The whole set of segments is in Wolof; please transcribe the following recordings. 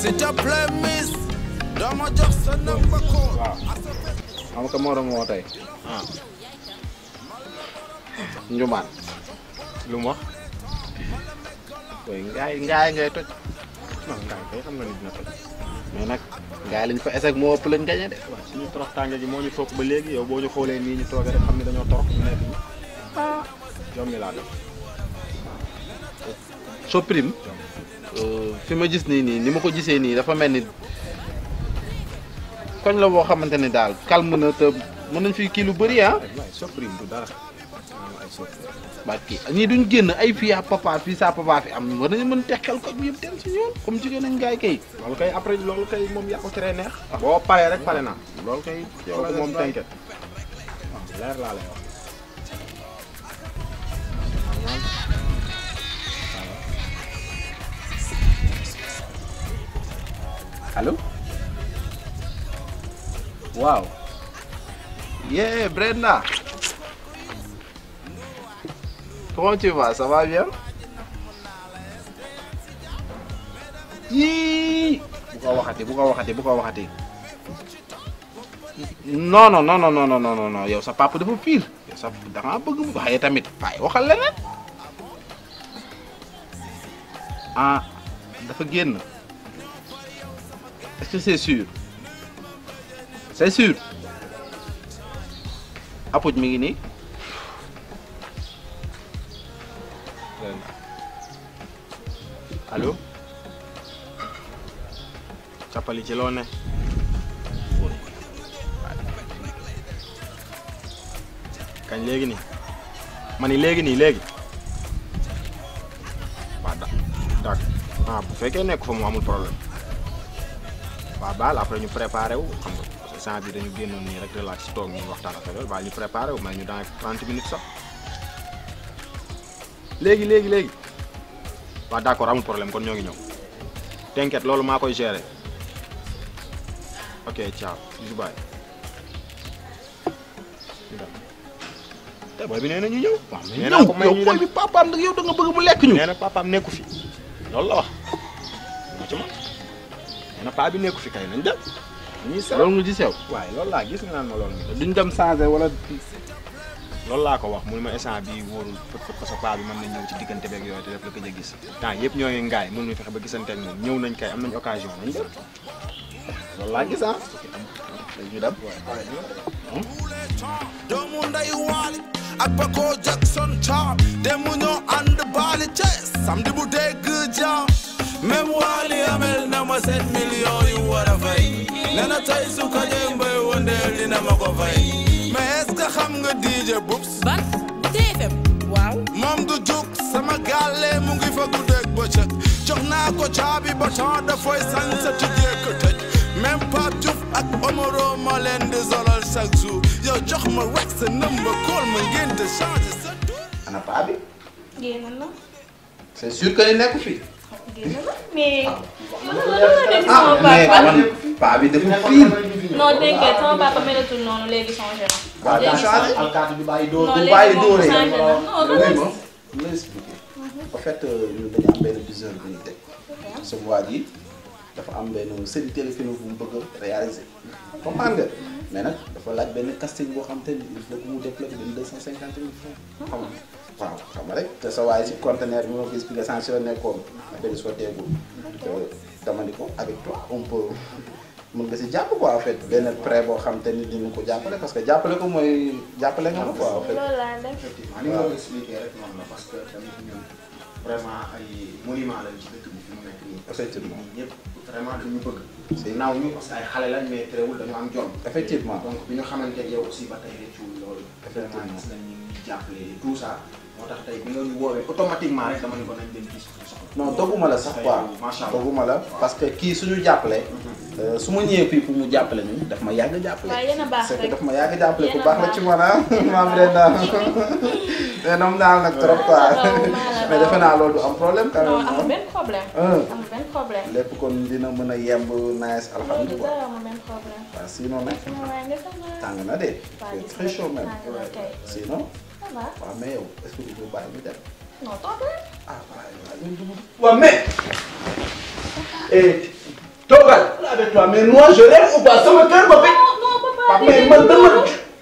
si jàppale miss. dama jox sa namba ko. waaw xam nga moo tey. Ah. Njumaan. lu mu wax. ooy ngaay ngaay ngay toj. non ngaay kay xam nga nag ngaay lañ fa échec moo ëpp lañ gañe de. waaw suñu torox tànge ji moo ñu toog ba léegi yow boo ñu xoolee nii ñu toogee rek xam ne dañoo torox ñu nekk ñu. ah fi ma gis nii nii ni ma ko gisee nii dafa mel ni koñ la boo xamante ni daal calme na te mën nañ fi kii lu bari ah. surprise dara ay surprise. barki ñii duñ génn ay fii à papa fii saa papa fi am war nañu mën tekkal ko bi yëpp dem si ñoom comme jigéen nañ gaay kay. loolu kay après loolu kay moom yaa ko teree neex. boo paree rek pare na. loolu kay moom tënket. allo waaw yee Brenda comment tu vas ça va bien yii bu ko waxatee bu ko waxatee bu ko waxatee non non non non non non non yow sa papa dafa fiir yow sa da ngaa bëgg waaye tamit waaye waxal leneen ah dafa génn. que c'est sûr c'est sûr mi ngi nii allo cappali ci loo ne kañ léegi nii ma ni léegi nii léegi waaw da dak ah, bu fekkee nekk fa mu amul problème waaw baal après ñu préparé wu xam nga parce que sang bi dañu génnoon nii rek relax toog ñu waxtaan ak yooyu baal ñu préparé wu may ñu dans 30 minutes sax léegi léegi léegi waaw d'accord amul problème kon ñoo ngi ñëw t'inquiète loolu maa koy gérer ok ciao bisous bye te booy bi nee na ñu ñëw. waaw mais ñëw yow booy bi papaam nag yow da nga bëgg mu lekk ñu. nee na papaam nekku fi loolu la wax. nee na paa bi nekku fi kay nañ dem. dañuy sew gis yow. waaye loolu laa gis nga ma loolu nga duñ dem changé wala. loolu laa ko wax muy ma instant bi wóorul fët fët parce paa bi mën na ñëw ci diggante beeg yooyu te def la yëpp ñooy ngaay mënuñu fexe ba gisante ak ñëw nañ kay am nañ occasion nañ dem loolu laa gis ah. doomu nday waali ak Bako Jackson Thiam dem mu ñoo ànd baali ca samedi bu dégg jaa même waali amel na ma sept millions yu war a fay nee na tey su ko jëm ma ko fay mais est xam nga DJ Boubs moom du jug sama gàllee mu ngi fa guddeeg bëccëg jox naa ko caabi ba temps dafay sañ sa tijjee ko tëj même Pape Diouf ak Omaro ma leen di solal chaque jour yow ma wax sa nëmba ma ngeen te changer sa tur ana na c'est fii mais. ah mais man paa bi dafa fiir. non déedéet sama papa melatul noonu léegi changé na. waaw daa alkaati bi bàyyi dóor bu bàyyi dóoree. non expliqué. en fait ñun dañu am benn viseur bu ñu teg. sama waa ji dafa am benn série téléfilm bu mu bëgg a réaliser. comprendre nga. mais nag dafa laaj benn casting boo xam te ni il faut que mu développé benn deux cent cinquante mille waaw xam nga rek te sa waay si conteneur bi ma gis bi nga sanctionné ko affaire yi sotteegul te dama ni ko avec toi on peut mën nga si jàpp quoi en fait benn prêt boo xam te ni dinañ ko jàppale parce que jàppale ko mooy jàppale nga ko quoi en fait. ay monument lañ mu nekk nii. effectivement ñun ñëpp vraiment dañu naaw ñu ay xale lañ mais terewul dañu am jom. xamante ne aussi ba tey rëccuwul gis nañ ñu ngi jàppale tout ça. moo tax tey bi nga ñu woowee automatiquement dogguma la sax quoi macha allah dogguma la parce que kii suñu jàppale. Mhm. Euh, su ma ñëwee fii pour mu jàppale ñu daf ma yàgg jàppale. waaw yéen a baax ma yàgg jàppale ku baax la ci man ah. maam ren mais eh, nam naa nag trop quoi. mais defe naa loolu du am problème. quand même non amul benn problème. Ah. amul benn problème. lépp kon dina mën a yemb nice alhamdulilah. waaw sinon nag. tàng na de. très chaud même. sinon. waaw mais yow est-ce que du bàyyi ñu dem. non toog rek. ah waaw mais. eh toogal. avec toi mais moi je l'aime ou pas sama kër ba. non non papa ah, mais man dama.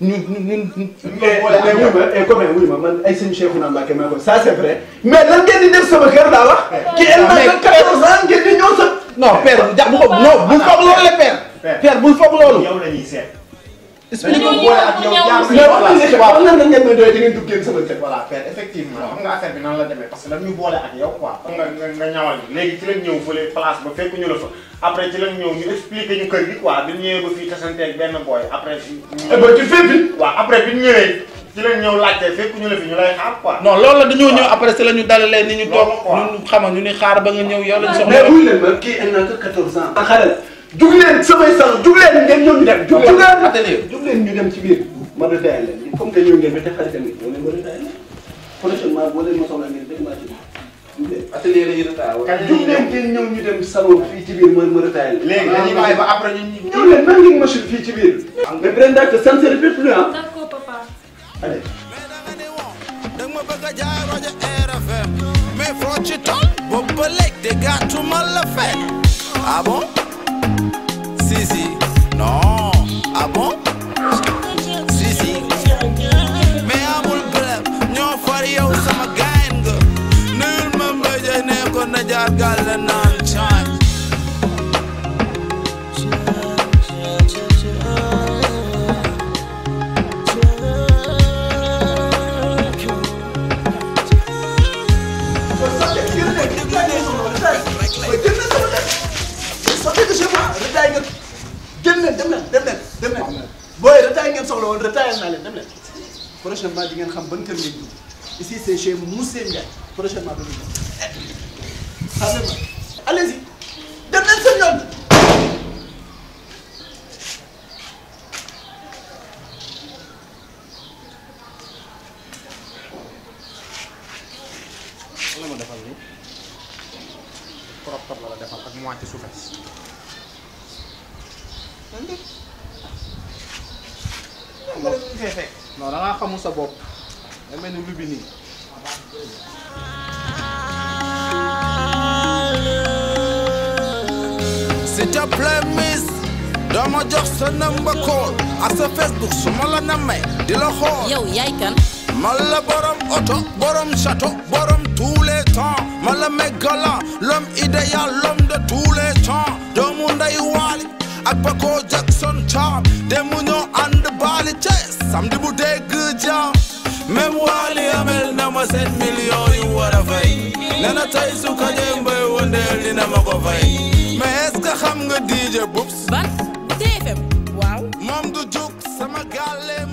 ñun ñun ñun. Eh, eh, mais comme eh, ma man ay sëñ Cheikh Ouna Mbacké ma ko ça c'est vrai mais lan ngeen di def sama kër daa wax. ki elle m'a que 14 ans ngeen bu ko non bul foog loolu la père. bul foog loolu. expliqué ko la nga nga nga ba fekk ñu la ba fii tasante ak ba nga ñëw yow lañ soxla. mais wuyu leen ma kii la jug leen samay sang jug leen ngeen ñëw ñu dem. jug leen jug leen ñu dem ci biir. ma retayal leen comme que ñëw ngeen ba te xale tamit ñoo leen ma retayal leen. prochainement boo leen ma soxla ngeen dégg maa ci biir. atelier la ñuy retayal. kañ la ñuy jug leen ngeen ñëw ñu dem salon fii ci biir ma ma retayal leen. léegi dañuy bàyyi ba après ñun ñu. ñëw leen maa ngi machine fii ci biir. mais Brenda que ça ne se répète plus ah. d'accord papa. allez. ah bon. gagal and unchanged. dem leen dem leen dem leen dem leen booy retaay ngeen soxla woon retaayal naa leen dem leen prochainement di ngeen xam ban kër ngeen dugg ici c'est chez Moussé Ndiaye prochainement dama xamee ma allez-y dem ma defal nii propre la la defal ak moitié souffès non da ngaa xamul sa bopp da mel ni lubi nii ca plein miss jox sa number call ak sa Facebook su ma la namee di la xool. yow yaay kan. ma borom oto borom château borom tous les temps ma la may galant l'homme idéal l'homme de doomu nday waali ak Paco Jackson Cham dem mu ñoo ànd baali ca samedi bu dégg jaam même waali amel na ma seen millions yu war a fay nee na tey su ko jéem bay wëndeel ma ko fay. DJ Boops. ban TFM waaw. moom du jóg sama gàllem.